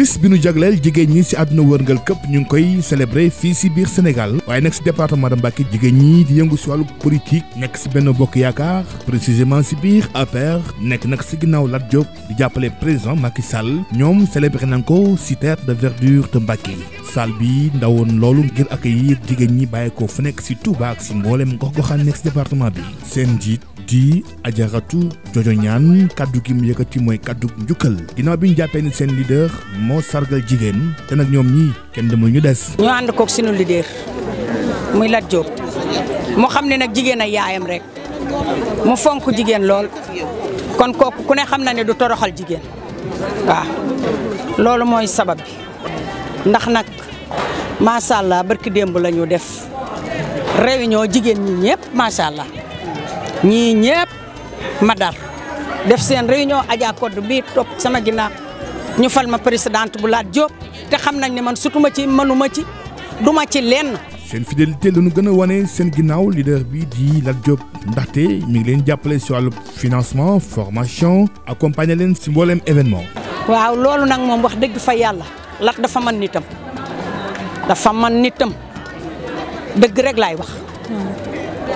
bis bi nu jagleel jigéen ñi ci àdduna wërngal këpp ñu ngi koy célébrer fii ci biir Sénégal waaye nag ci département de Mbacké jigéen ñi di yëngu si wàllu politique nekk ci benn bokk yaakaar précisément ci biir APR nekk nag ci ginnaaw Lat jóg di jàppale président Macky Sall ñoom célébré nañ ko ci terre de verdure de Mbacké salle bi ndawoon loolu ngir accueillir jigéen ñi bàyyi ko fu nekk ci Touba ak ci mboolem gox goxaan nekk ci département bi seen njiit ci ajaratu jojo ñaan kaddu gi mu yëkkati mooy kàddu njukkal ginnaaw bi ñu jàppee ni seen leader moo sargal jigéen te nag ñoom ñii kenn demul ñu des. ñu ànd koog sunu leader muy Lat Diop mu xam ne nag jigéen ay yaayam rek mu fonk jigéen lool kon kooku ku ne xam na ne du toroxal jigéen waaw loolu mooy sabab bi ndax nag macha allah barki démb lañu def rey réunion jigéen ñi ñëpp macha allah. ñii ñëpp ma dar def seen réunion Adja Codé bii topp sama ginnaaw ñu fal ma présidente bu laat Diop te xam nañ ne man sutuma ci mënuma ci duma ci lenn. seen fidélité la ñu gën a wane seen ginnaaw leader bi di Lat Diop ndaxte mi ngi leen jàppale si wàllu financement formation accompagner leen si mbooleem événement. waaw loolu nag moom wax dëgg fa yàlla Lat dafa man nitam dafa mën nitam dëgg rek laay wax.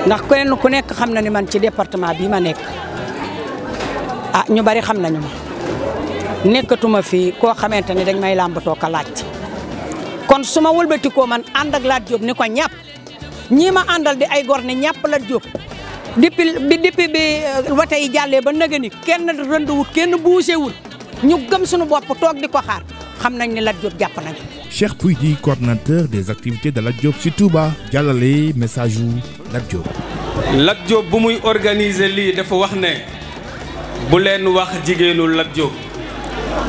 ndax kenn ku nekk xam na ni man ci département bii ma nekk ah ñu bari xam nañu ma nekkatuma fii koo xamante ne dañ may làmbatoo ka laaj kon su ma wëlbatikoo man ànd ak Lat Diop ni ko ñàpp ñii ma àndal di ay gor ne ñàpp Lat Diop depuis bi depuis bi euh, wate yi jàllee ba naga kenn rënd wut kenn buuse wul ñu gëm suñu bopp toog di ko xaar xam nañ ne Lat Diop jàpp nañ Cheikh Pouy Di coordinateur des activités de Lat Diop ci Touba jàllale message wu Lat Diop. Lat Diop bu muy organiser lii dafa wax ne bu leen wax jigéenu Lat Diop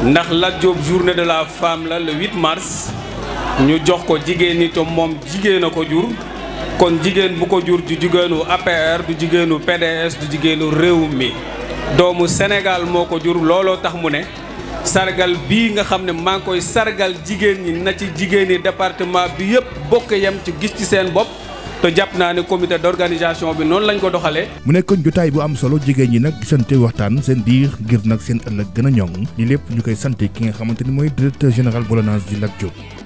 ndax Lat Diop journée de la femme la le mars ñu jox ko jigéen ñi moom jigéen a ko jur kon jigéen bu ko jur du jigéenu APR du jigéenu PDS du jigéenu réew mi doomu Sénégal moo ko jur looloo tax mu ne. sargal bii nga xam ne maa ngi koy sargal jigéen ñi na ci jigéen ñi département bi yëpp bokk yem ci gis ci seen bopp te jàpp naa ne comité d'organisation bi noonu lañ ko doxalee. mu nekkoon jotaay bu am solo jigéen ñi nag gisante waxtaan seen diir ngir nag seen ëllëg gën a ñoŋ li lépp ñu koy sant ki nga xamante ni mooy directeur général bu LONASE di Lat